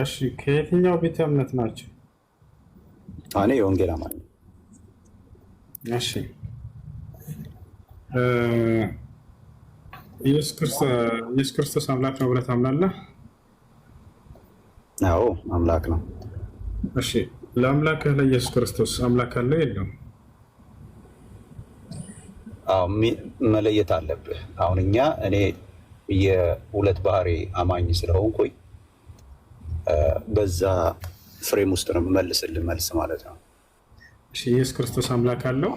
እሺ ከየትኛው ቤተ እምነት ናቸው? እኔ የወንጌል አማኝ። እሺ ኢየሱስ ክርስቶስ አምላክ ነው ብለህ ታምናለህ? አዎ አምላክ ነው። እሺ ለአምላክህ ለኢየሱስ ክርስቶስ አምላክ አለው የለውም? አዎ መለየት አለብህ። አሁን እኛ እኔ የሁለት ባህሪ አማኝ ስለሆንኩኝ በዛ ፍሬም ውስጥ ነው መልስልን መልስ ማለት ነው። እሺ ኢየሱስ ክርስቶስ አምላክ አለው።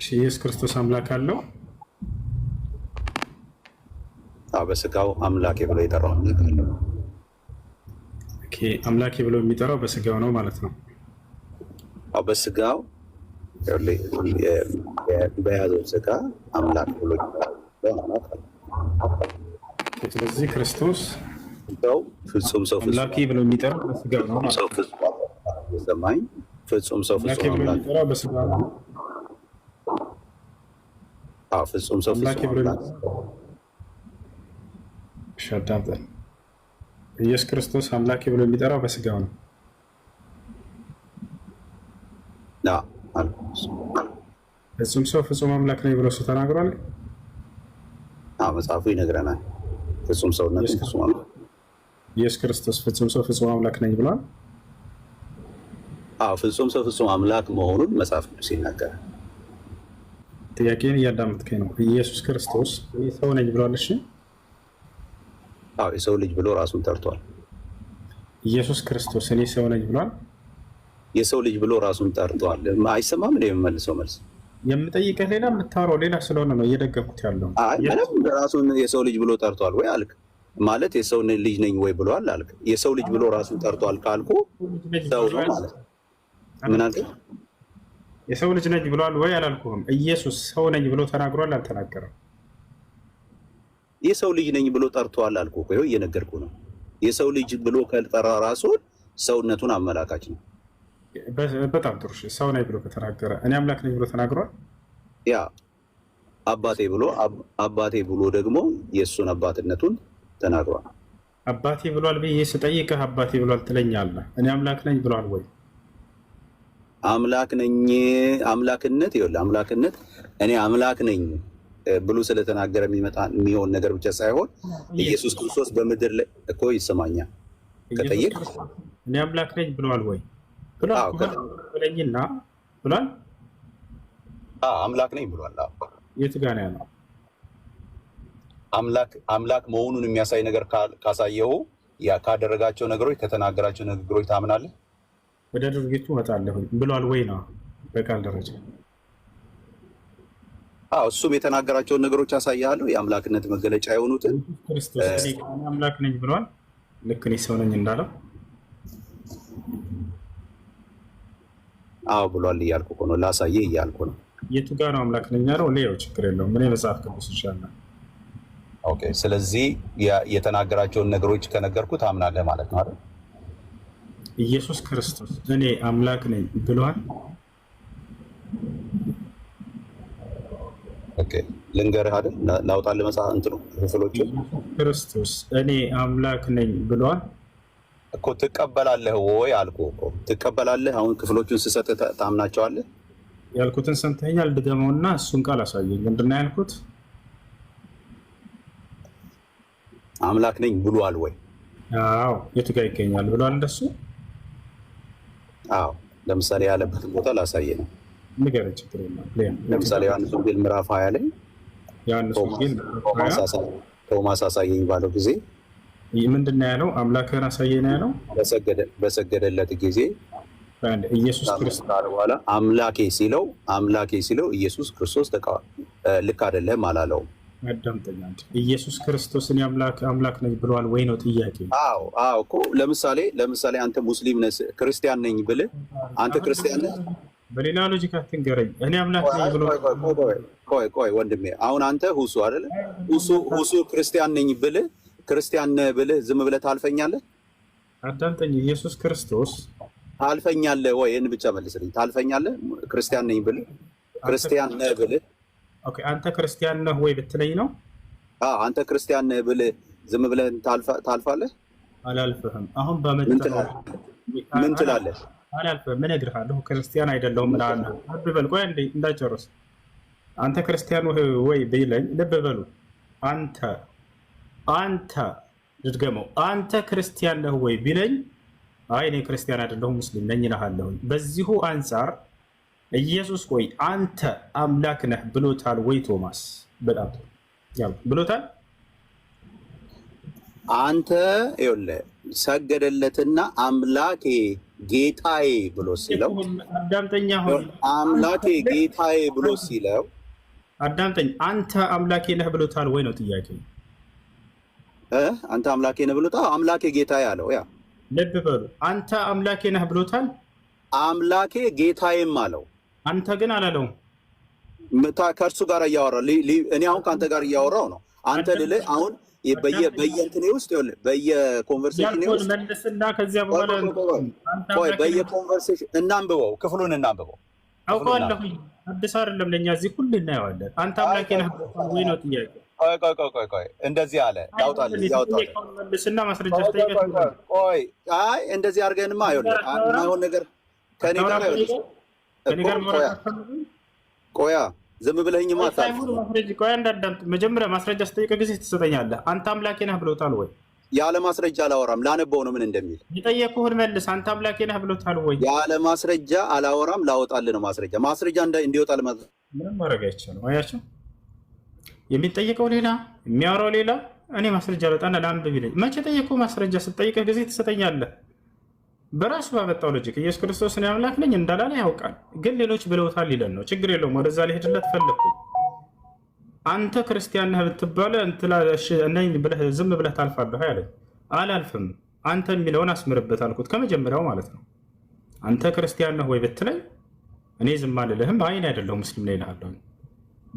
እሺ ኢየሱስ ክርስቶስ አምላክ አለው። አዎ በስጋው አምላኬ ብሎ የጠራው አምላክ አለው። ኦኬ አምላኬ ብሎ የሚጠራው በስጋው ነው ማለት ነው። አዎ በስጋው በያዘው ስጋ አምላክ ብሎ ስለዚህ ክርስቶስ ሰው ፍጹም ሰው ሰማኝ ፍጹም ሰው ፍጹም ሰው ኢየሱስ ክርስቶስ አምላኬ ብሎ የሚጠራው በስጋው ነው። ፍጹም ሰው ፍጹም አምላክ ነው ብሎ እሱ ተናግሯል። መጽሐፉ ይነግረናል። ፍጹም ሰውነት ፍጹም ኢየሱስ ክርስቶስ ፍጹም ሰው ፍጹም አምላክ ነኝ ብሏል። አዎ ፍጹም ሰው ፍጹም አምላክ መሆኑን መጽሐፍ ቅዱስ ይናገራል። ጥያቄን እያዳመጥከኝ ነው። ኢየሱስ ክርስቶስ እኔ ሰው ነኝ ብሏል። እሺ፣ አዎ የሰው ልጅ ብሎ ራሱን ጠርቷል። ኢየሱስ ክርስቶስ እኔ ሰው ነኝ ብሏል። የሰው ልጅ ብሎ ራሱን ጠርቷል። አይሰማም ነው የምመልሰው መልስ የምጠይቀህ ሌላ የምታወራው ሌላ ስለሆነ ነው እየደገምኩት ያለው ምንም ራሱን የሰው ልጅ ብሎ ጠርቷል ወይ አልክ ማለት የሰው ልጅ ነኝ ወይ ብሏል አልክ። የሰው ልጅ ብሎ ራሱን ጠርቷል ካልኩ ሰው ነው ማለት ምን አልክ? የሰው ልጅ ነኝ ብሏል ወይ አላልኩም። ኢየሱስ ሰው ነኝ ብሎ ተናግሯል አልተናገረም? የሰው ልጅ ነኝ ብሎ ጠርቷል አልኩ። ይኸው እየነገርኩ ነው። የሰው ልጅ ብሎ ከጠራ ራሱን ሰውነቱን አመላካች ነው። በጣም ጥሩ። ሰው ነኝ ብሎ ከተናገረ እኔ አምላክ ነኝ ብሎ ተናግሯል። ያ አባቴ ብሎ አባቴ ብሎ ደግሞ የእሱን አባትነቱን ተናግሯል። አባቴ ብሏል ብዬ ስጠይቅህ አባቴ ብሏል ትለኛለህ። እኔ አምላክ ነኝ ብሏል ወይ? አምላክ ነኝ አምላክነት ይኸውልህ፣ አምላክነት እኔ አምላክ ነኝ ብሎ ስለተናገረ የሚመጣ የሚሆን ነገር ብቻ ሳይሆን ኢየሱስ ክርስቶስ በምድር ላይ እኮ ይሰማኛል ከጠይቅ እኔ አምላክ ነኝ ብሏል ወይ ብለኝና ብሏል፣ አምላክ ነኝ ብሏል። የት ጋር ነው ያለው? አምላክ መሆኑን የሚያሳይ ነገር ካሳየው ካደረጋቸው ነገሮች ከተናገራቸው ንግግሮች ታምናለህ? ወደ ድርጊቱ እመጣለሁ ብሏል ወይ ነው በቃል ደረጃ እሱም የተናገራቸውን ነገሮች ያሳያሉ። የአምላክነት መገለጫ የሆኑትን አምላክ ነኝ ብሏል። ልክ እኔ ሰው ነኝ እንዳለው አዎ ብሏል እያልኩ ነው። ላሳየህ እያልኩ ነው። የቱ ጋር ነው አምላክ ነኝ ያለው? ሌው ችግር የለውም። ምን መጽሐፍ ቅዱስ ይሻላል ኦኬ። ስለዚህ የተናገራቸውን ነገሮች ከነገርኩት አምናለህ ማለት ነው አይደል? ኢየሱስ ክርስቶስ እኔ አምላክ ነኝ ብሏል። ኦኬ ልንገርህ አይደል? ላውጣልህ መጽሐፍ እንትኑ ክፍሎቹ ክርስቶስ እኔ አምላክ ነኝ ብሏል እኮ ትቀበላለህ ወይ አልኩህ እኮ ትቀበላለህ። አሁን ክፍሎቹን ስሰጥ ታምናቸዋለህ። ያልኩትን ሰምተኸኛል። ድገመውና እሱን ቃል አሳየኝ። ምንድን ነው ያልኩት? አምላክ ነኝ ብሏል ወይ? አዎ። የት ጋር ይገኛል ብሏል እንደሱ? አዎ። ለምሳሌ ያለበትን ቦታ ላሳየ ነው። ንገረኝ፣ ችግር የለም። ለምሳሌ ዮሐንስ ወንጌል ምዕራፍ ሀያ ላይ ቶማስ አሳየኝ ባለው ጊዜ ምንድን ነው ያለው? አምላክህን አሳየ ነው ያለው። በሰገደለት ጊዜ ኢየሱስ ክርስቶስ በኋላ አምላኬ ሲለው አምላኬ ሲለው ኢየሱስ ክርስቶስ ልክ አይደለም አላለውም። አዳምጠኝ ኢየሱስ ክርስቶስን አምላክ አምላክ ነኝ ብለዋል ወይ ነው ጥያቄ? አዎ አዎ እኮ ለምሳሌ ለምሳሌ አንተ ሙስሊም ነህ ክርስቲያን ነኝ ብል አንተ ክርስቲያን ነህ፣ በሌላ ሎጂክ አትንገረኝ። እኔ አምላክ ነኝ ብሎ ቆይ ቆይ ወንድሜ፣ አሁን አንተ ሁሱ አይደለ ሁሱ ሁሱ ክርስቲያን ነኝ ብል ክርስቲያን ነህ ብል ዝም ብለህ ታልፈኛለህ? አዳምጠኝ። ኢየሱስ ክርስቶስ ታልፈኛለህ ወይ? ይህን ብቻ መልስልኝ። ታልፈኛለህ? ክርስቲያን ነኝ ብል ክርስቲያን ነህ ብልህ ኦኬ አንተ ክርስቲያን ነህ ወይ ብትለኝ ነው። አንተ ክርስቲያን ነህ ብለህ ዝም ብለህ ታልፋለህ? አላልፍህም። አሁን በምን ትላለህ? አላልፍህም። እነግርሃለሁ ክርስቲያን አይደለሁም እልሃለሁ። ልብ በል ቆይ እንዴ እንዳጨርስ። አንተ ክርስቲያን ወይ ብለኝ፣ ልብ በሉ አንተ አንተ ድድገመው አንተ ክርስቲያን ነህ ወይ ቢለኝ፣ አይ እኔ ክርስቲያን አይደለሁም ሙስሊም ነኝ እልሃለሁ። በዚሁ አንጻር ኢየሱስ ሆይ አንተ አምላክ ነህ ብሎታል ወይ ቶማስ? በጣም ብሎታል። አንተ ይኸውልህ ሰገደለትና አምላኬ ጌታዬ ብሎ ሲለው አዳምጠኛ አምላኬ ጌታዬ ብሎ ሲለው አዳምጠኝ፣ አንተ አምላኬ ነህ ብሎታል ወይ ነው ጥያቄ። አንተ አምላኬ ነህ ብሎታል። አምላኬ ጌታዬ አለው። ያ ልብ በሉ። አንተ አምላኬ ነህ ብሎታል። አምላኬ ጌታዬም አለው አንተ ግን አላለውም። ከእርሱ ጋር እያወራ እኔ አሁን ከአንተ ጋር እያወራው ነው። አንተ ልል አሁን በየእንትኔ ውስጥ ይኸውልህ በየኮንቨርሴሽን መልስና ከዚያ በኋላ በየኮንቨርሴሽን እናንብበው፣ ክፍሉን እናንብበው። አውቀዋለሁ አዲስ አይደለም ለእኛ እዚህ ሁሉ እናየዋለን። አንተ አምላኬ ነህ ወይ ነው ጥያቄ። ቆይ ቆይ ቆይ ቆይ ቆይ እንደዚህ አለ ያውጣል ያውጣል ማስረጃ ጠይቀህ ቆይ አይ እንደዚህ አድርገንማ ይኸውልህ የማይሆን ነገር ከእኔ ጋር ይኸውልህ ቆያ ዝም ብለህኝማ ቆያ እንዳዳምጥ። መጀመሪያ ማስረጃ ስጠይቀህ ጊዜ ትሰጠኛለህ። አንተ አምላኬ ነህ ብለውታል ወይ? ያለ ማስረጃ አላወራም። ላነበው ነው ምን እንደሚል የጠየቅኩህን መልስ። አንተ አምላኬ ነህ ብለውታል ወይ? ያለ ማስረጃ አላወራም። ላወጣልህ ነው ማስረጃ። ማስረጃ እንዲወጣ ምንም ማድረግ አይቻልም። አያቸው የሚጠየቀው ሌላ የሚያወራው ሌላ። እኔ ማስረጃ ለጣና ለአንብ ቢለኝ መቼ ጠየቁ? ማስረጃ ስጠይቀህ ጊዜ ትሰጠኛለህ በራሱ ባመጣው ሎጂክ ኢየሱስ ክርስቶስ እኔ አምላክ ነኝ እንዳላለ ያውቃል፣ ግን ሌሎች ብለውታል ይለን ነው። ችግር የለውም ወደዛ ሊሄድለት ፈለግኩኝ። አንተ ክርስቲያን ነህ ብትባለ ብለህ ዝም ብለህ ታልፋለህ ያለኝ፣ አላልፍም አንተ የሚለውን አስምርበት አልኩት ከመጀመሪያው ማለት ነው። አንተ ክርስቲያን ነህ ወይ ብትለኝ እኔ ዝም አልልህም። አይን አይደለሁ ሙስሊም ላይ ልሃለሁ።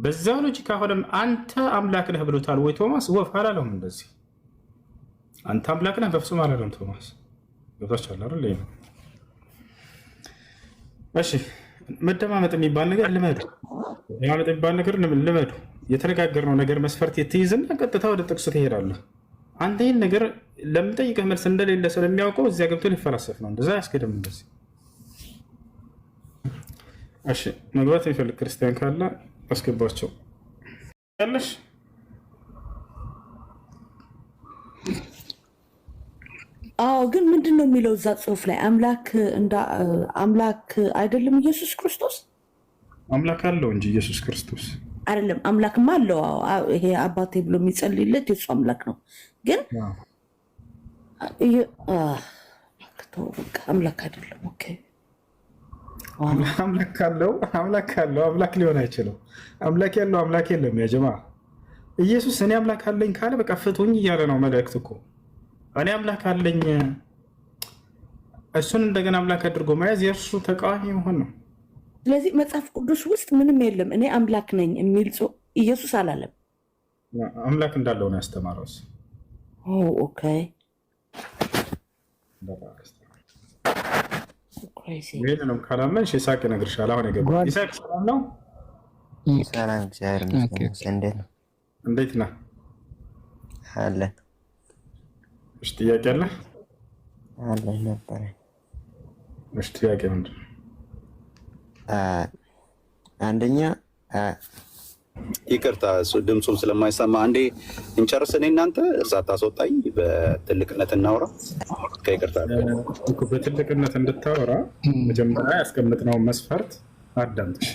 በዛ ሎጂክ አሁንም አንተ አምላክ ነህ ብሎታል ወይ ቶማስ? ወፍ አላለሁም እንደዚህ አንተ አምላክ ነህ በፍጹም አላለም ቶማስ ገብታችኋል አይደል? ይሄ እሺ መደማመጥ የሚባል ነገር ልመዱ። መደማመጥ የሚባል ነገር ልመዱ። የተነጋገርነው ነገር መስፈርት የትይዝና ቀጥታ ወደ ጥቅሱ ትሄዳለህ። አንተ ይህን ነገር ለምጠይቅህ መልስ እንደሌለ ስለሚያውቀው እዚያ ገብቶ ሊፈላሰፍ ነው። እንደዛ ያስገድም እንደዚህ እሺ መግባት የሚፈልግ ክርስቲያን ካለ አስገባቸው ያለሽ አዎ ግን ምንድን ነው የሚለው እዛ ጽሁፍ ላይ አምላክ እንዳ አምላክ አይደለም ኢየሱስ ክርስቶስ አምላክ አለው እንጂ ኢየሱስ ክርስቶስ አይደለም። አምላክማ አለው። ይሄ አባቴ ብሎ የሚጸልይለት የሱ አምላክ ነው። ግን አምላክ አይደለም። ኦኬ አምላክ አለው አምላክ አለው አምላክ ሊሆን አይችለው አምላክ ያለው አምላክ የለም። ያጀማ ኢየሱስ እኔ አምላክ አለኝ ካለ በቃ ፍቱኝ እያለ ነው መልእክት እኮ እኔ አምላክ አለኝ። እሱን እንደገና አምላክ አድርጎ መያዝ የእርሱ ተቃዋሚ መሆን ነው። ስለዚህ መጽሐፍ ቅዱስ ውስጥ ምንም የለም እኔ አምላክ ነኝ የሚል ኢየሱስ አላለም። አምላክ እንዳለው ነው ያስተማረው። ኦኬ ይህንንም ካላመንሽ ይስሐቅ ይነግርሻል። አሁን የገባው ይስሐቅ ሰላም ነው። ሰላም፣ እግዚአብሔር ይመስገን። እንዴት ነህ? አለን እሺ ጥያቄ አለ አለ ነበረ። እሺ ጥያቄ ምንድን ነው? አንደኛ ይቅርታ ድምፁም ስለማይሰማ አንዴ እንጨርስ። እኔ እናንተ ሳታስወጣኝ በትልቅነት እናውራ። ከይቅርታ በትልቅነት እንድታወራ መጀመሪያ ያስቀምጥነው መስፈርት አዳምጥ። እሺ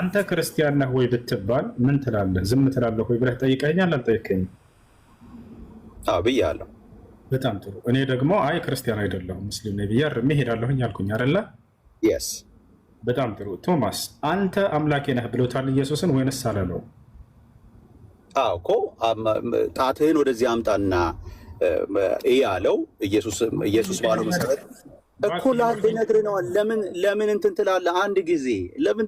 አንተ ክርስቲያን ነህ ወይ ብትባል ምን ትላለህ? ዝም ትላለህ ወይ ብለህ ጠይቀኛል? አልጠይቀኝ ብያለሁ በጣም ጥሩ። እኔ ደግሞ አይ ክርስቲያን አይደለሁም ሙስሊም ነኝ ብዬ አርሜ ሄዳለሁኝ አልኩኝ አይደለ? በጣም ጥሩ። ቶማስ አንተ አምላኬ ነህ ብሎታል ኢየሱስን ወይንስ አላለው? አዎ እኮ ጣትህን ወደዚህ አምጣና እያለው ኢየሱስ ባለው መሰረት እኮ ለአንድ ነግር ነው። ለምን ለምን እንትን ትላለህ? አንድ ጊዜ ለምን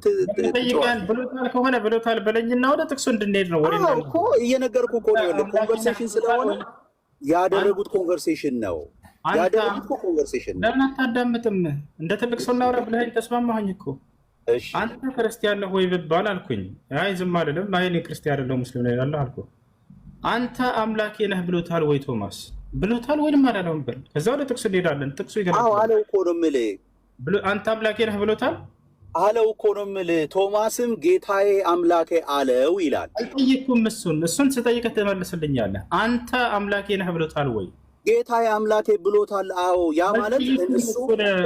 ብሎታል ከሆነ ብሎታል በለኝና ወደ ጥቅሱ እንድንሄድ ነው እኮ እየነገርኩ እኮ ነው ያለው ኮንቨርሴሽን ስለሆነ ያደረጉት ኮንቨርሴሽን ነው ያደረጉት ኮንቨርሴሽን ነው። ለምን አታዳምጥም? እንደ ትልቅ ሰው እናውራ ብለኸኝ ተስማማኸኝ እኮ። አንተ ክርስቲያን ነህ ወይ ብባል አልኩኝ። አይ ዝም አልልም። አይ እኔ ክርስቲያን አይደለሁ ሙስሊም ነው ያለ አልኩ። አንተ አምላኬ ነህ ብሎታል ወይ ቶማስ ብሎታል ወይንም አላለውም በል። ከዛ ወደ ጥቅሱ እንሄዳለን። ጥቅሱ ይገ አለ እኮ ነው የምልህ። አንተ አምላኬ ነህ ብሎታል አለው እኮ ነው የምልህ። ቶማስም ጌታዬ አምላኬ አለው ይላል። አልጠየኩም። እሱን እሱን ስጠይቅህ ትመልስልኛለህ። አንተ አምላኬ ነህ ብሎታል ወይ? ጌታዬ አምላኬ ብሎታል። አዎ፣ ያ ማለት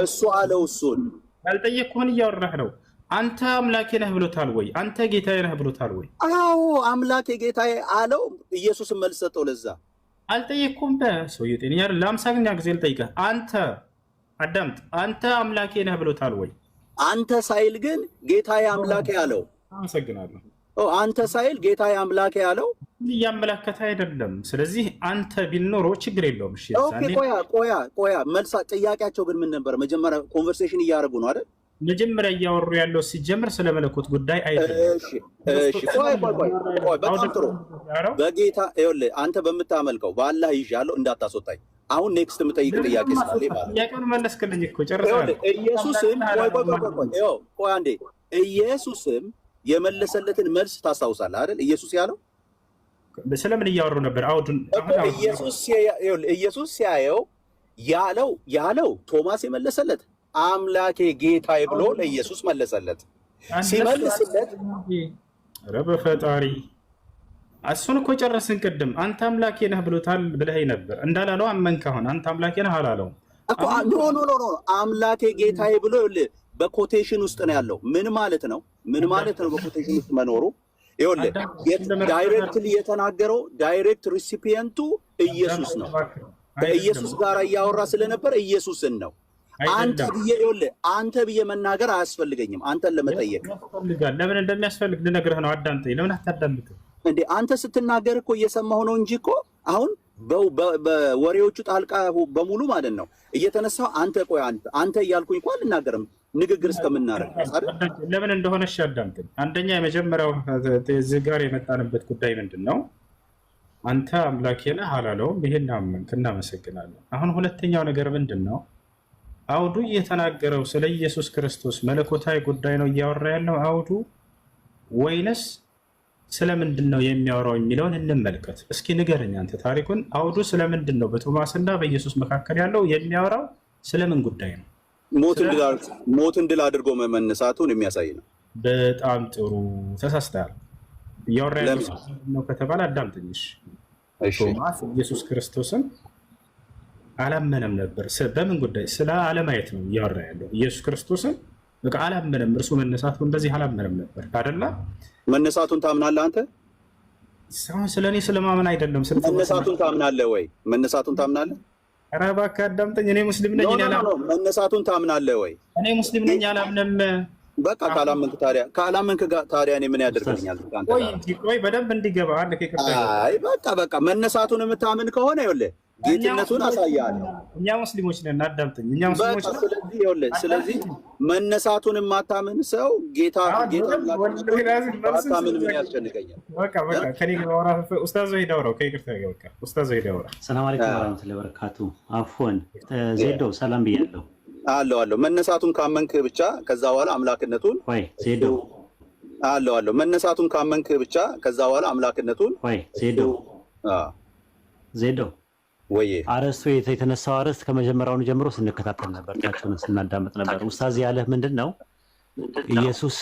እሱ አለው። እሱን ያልጠየቅኩህን እያወራህ ነው። አንተ አምላኬ ነህ ብሎታል ወይ? አንተ ጌታዬ ነህ ብሎታል ወይ? አዎ፣ አምላኬ ጌታዬ አለው። ኢየሱስን መልስ ሰጠው። ለዛ አልጠየቅኩም። በሰውዬው ጤነኛ ለአምሳኛ ጊዜ ልጠይቀህ። አንተ አዳምጥ። አንተ አምላኬ ነህ ብሎታል ወይ? አንተ ሳይል ግን ጌታ አምላኬ አለው። አመሰግናለሁ። አንተ ሳይል ጌታ አምላኬ አለው እያመላከተ አይደለም። ስለዚህ አንተ ቢኖሮ ችግር የለውም። ቆያ ቆያ ቆያ መልሳ ጥያቄያቸው ግን ምን ነበር? መጀመሪያ ኮንቨርሴሽን እያደረጉ ነው አይደል? መጀመሪያ እያወሩ ያለው ሲጀምር ስለ መለኮት ጉዳይ አይደለም። በጌታ አንተ በምታመልከው በአላህ ይዣለሁ እንዳታስወጣኝ አሁን ኔክስት የምጠይቅ ጥያቄ ስላለ ኢየሱስም ቆይ አንዴ ኢየሱስም የመለሰለትን መልስ ታስታውሳለህ አይደል? ኢየሱስ ያለው ስለምን እያወሩ ነበር? ኢየሱስ ሲያየው ያለው ያለው ቶማስ የመለሰለት አምላኬ ጌታዬ ብሎ ለኢየሱስ መለሰለት። ሲመልስለት ኧረ በፈጣሪ እሱን እኮ ጨረስን ቅድም። አንተ አምላኬ ነህ ብሎታል ብለይ ነበር እንዳላለው አመንክ። አሁን አንተ አምላኬ ነህ አላለውም። ኖ ኖ ኖ አምላኬ ጌታዬ ብሎ በኮቴሽን ውስጥ ነው ያለው። ምን ማለት ነው? ምን ማለት ነው በኮቴሽን ውስጥ መኖሩ? ይኸውልህ ዳይሬክትሊ የተናገረው ዳይሬክት ሪሲፒየንቱ ኢየሱስ ነው። ከኢየሱስ ጋር እያወራ ስለነበር ኢየሱስን ነው አንተ ብዬ ይኸውልህ አንተ ብዬ መናገር አያስፈልገኝም። አንተን ለመጠየቅ ለምን እንደሚያስፈልግ ልነግርህ ነው። አዳምጠኝ። ለምን አታዳምጥም? እንዴ አንተ ስትናገር እኮ እየሰማሁ ነው እንጂ እኮ አሁን በወሬዎቹ ጣልቃ በሙሉ ማለት ነው እየተነሳው አንተ ቆይ አንተ እያልኩኝ እኮ አልናገርም። ንግግር እስከምናደርግ ለምን እንደሆነ አዳምጠኝ። አንደኛ የመጀመሪያው እዚህ ጋር የመጣንበት ጉዳይ ምንድን ነው? አንተ አምላኬ ነህ አላለውም። ይሄን አመንክ፣ እናመሰግናለን። አሁን ሁለተኛው ነገር ምንድን ነው? አውዱ እየተናገረው ስለ ኢየሱስ ክርስቶስ መለኮታዊ ጉዳይ ነው እያወራ ያለው አውዱ ወይንስ ስለምንድን ነው የሚያወራው የሚለውን እንመልከት እስኪ ንገረኝ አንተ ታሪኩን አውዱ ስለምንድን ነው እና በኢየሱስ መካከል ያለው የሚያወራው ስለምን ጉዳይ ነው ሞትን ድል አድርጎ መነሳቱን የሚያሳይ ነው በጣም ጥሩ ተሳስተሃል እያወራ ነው ከተባለ አዳምጠኝሽ ቶማስ ኢየሱስ ክርስቶስን አላመነም ነበር በምን ጉዳይ ስለ አለማየት ነው እያወራ ያለው ኢየሱስ ክርስቶስን በቃ አላመነም እርሱ መነሳቱ እንደዚህ አላመነም ነበር አደላ መነሳቱን ታምናለህ አንተ? አሁን ስለ እኔ ስለማመን አይደለም። መነሳቱን ታምናለህ ወይ? መነሳቱን ታምናለህ? ኧረ እባክህ አዳምጠኝ። እኔ ሙስሊም ነኝ። መነሳቱን ታምናለህ ወይ? እኔ ሙስሊም ነኝ አላምንም በቃ ካላመንክ ታዲያ ካላመንክ ታዲያ እኔ ምን ያደርገኛል? ቆይ በደንብ እንዲገባ አይ በቃ በቃ መነሳቱን የምታምን ከሆነ ይኸውልህ ጌትነቱን አሳያለሁ። እኛ ሙስሊሞች ነን፣ አዳምጠኝ። እኛ ሙስሊሞች ነን። ስለዚህ ይኸውልህ፣ ስለዚህ መነሳቱን የማታምን ሰው ጌታ ጌታ ምን ያስጨንቀኛል? ከኔ ጋር ኡስታዝ ዘይድ አውራው ከይቅርታ ጋር በቃ ኡስታዝ ዘይድ አውራ። ሰላም አለይኩም ወራህመቱላሂ ወበረካቱ። አፎን ዜዶ ሰላም ብያለሁ። አለው አለው መነሳቱን ካመንክ ብቻ ከዛ በኋላ አምላክነቱን አለው አለው መነሳቱን ካመንክ ብቻ ከዛ በኋላ አምላክነቱን ዜዶ ወይ አረስቱ የተነሳው አረስት ከመጀመሪያውኑ ጀምሮ ስንከታተል ነበር፣ ቸውን ስናዳመጥ ነበር። ውስታዝ ያለህ ምንድን ነው? ኢየሱስ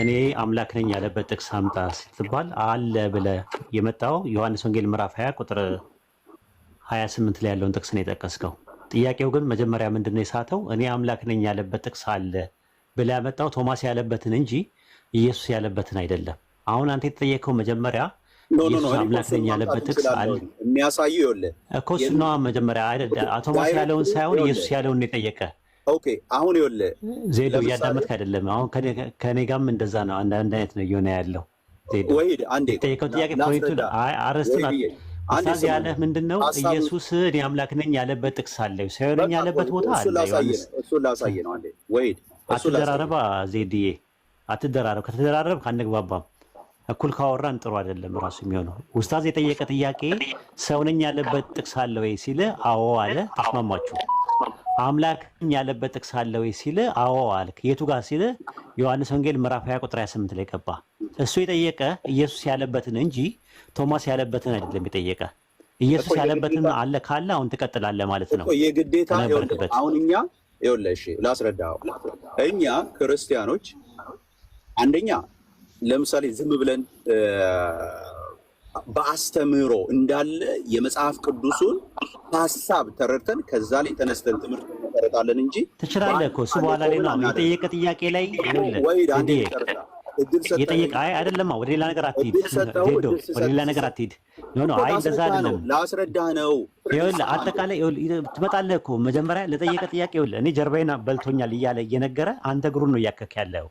እኔ አምላክ ነኝ ያለበት ጥቅስ አምጣ ስትባል አለ ብለ የመጣው ዮሐንስ ወንጌል ምዕራፍ 20 ቁጥር 28 ስምንት ላይ ያለውን ጥቅስ ነው የጠቀስከው። ጥያቄው ግን መጀመሪያ ምንድን የሳተው? እኔ አምላክ ነኝ ያለበት ጥቅስ አለ ብለ ያመጣው ቶማስ ያለበትን እንጂ ኢየሱስ ያለበትን አይደለም። አሁን አንተ የተጠየቀው መጀመሪያ ኢየሱስ አምላክ ነኝ ያለበት ጥቅስ አለ የሚያሳየው እኮ እሱን ነዋ። መጀመሪያ ቶማስ ያለውን ሳይሆን ኢየሱስ ያለውን የጠየቀ። ኦኬ አሁን ይወለ ዜዶ እያዳመጥክ አይደለም። አሁን ከኔ ጋርም እንደዛ ነው፣ አንድ አይነት ነው እየሆነ ያለው። ዜዶ ጠየቀው ጥያቄ ፖይንቱ አርስቱን ትእዛዝ ያለህ ምንድን ነው? ኢየሱስ እኔ አምላክ ነኝ ያለበት ጥቅስ አለ። ሳይሆነኝ ያለበት ቦታ አለ። እሱን ላሳየህ ነው። አንዴ ወሂድ፣ አትደራረባ ዜድዬ፣ አትደራረብ። ከተደራረብ አንግባባም። እኩል ካወራን ጥሩ አይደለም። ራሱ የሚሆነው ኡስታዝ የጠየቀ ጥያቄ ሰውነኝ ያለበት ጥቅስ አለ ወይ ሲል አዎ አለ። ተስማማችሁ? አምላክም ያለበት ጥቅስ አለ ወይ ሲል አዎ አልክ። የቱ ጋር ሲል ዮሐንስ ወንጌል ምዕራፍ 20 ቁጥር 28 ላይ ገባ። እሱ የጠየቀ ኢየሱስ ያለበትን እንጂ ቶማስ ያለበትን አይደለም የጠየቀ። ኢየሱስ ያለበትን አለ ካለ አሁን ትቀጥላለህ ማለት ነው። የግዴታ አሁን እኛ ይኸውልህ፣ ላስረዳ። እኛ ክርስቲያኖች አንደኛ ለምሳሌ ዝም ብለን በአስተምህሮ እንዳለ የመጽሐፍ ቅዱሱን ሀሳብ ተረድተን ከዛ ላይ ተነስተን ትምህርት እንመሰረታለን እንጂ ትችላለህ እኮ እሱ በኋላ ሌላ የጠየቀ ጥያቄ ላይ የጠየቀ አይ አይደለም፣ ወደ ሌላ ነገር አትሂድ፣ ወደ ሌላ ነገር አትሄድ ሆኖ አይ እንደዛ አይደለም፣ ላስረዳህ ነው። ይኸውልህ አጠቃላይ ትመጣለህ እኮ መጀመሪያ ለጠየቀ ጥያቄ ይኸውልህ፣ እኔ ጀርባዬን በልቶኛል እያለ እየነገረ አንተ እግሩን ነው እያከክ ያለው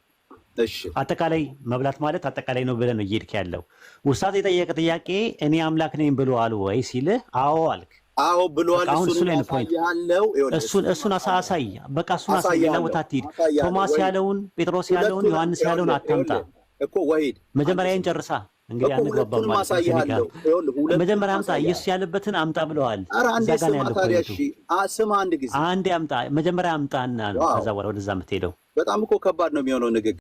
አጠቃላይ መብላት ማለት አጠቃላይ ነው ብለህ ነው እየሄድክ ያለው። ውስጣት የጠየቀ ጥያቄ እኔ አምላክ ነኝ ብሎ አሉ ወይ ሲልህ አዎ አልክ። አዎ ብሎሃል። እሱን አሳይ፣ በቃ እሱን አሳይ። ሌላ ቦታ አትሂድ። ቶማስ ያለውን፣ ጴጥሮስ ያለውን፣ ዮሐንስ ያለውን አታምጣ። መጀመሪያን ጨርሳ እንግዲህ አንግባባ መጀመሪያ አምጣ። ኢየሱስ ያለበትን አምጣ ብለዋል። ስማ አንድ ጊዜ አንድ አምጣ መጀመሪያ አምጣና ነው ከዛ ወደዛ የምትሄደው። በጣም እኮ ከባድ ነው የሚሆነው ንግግር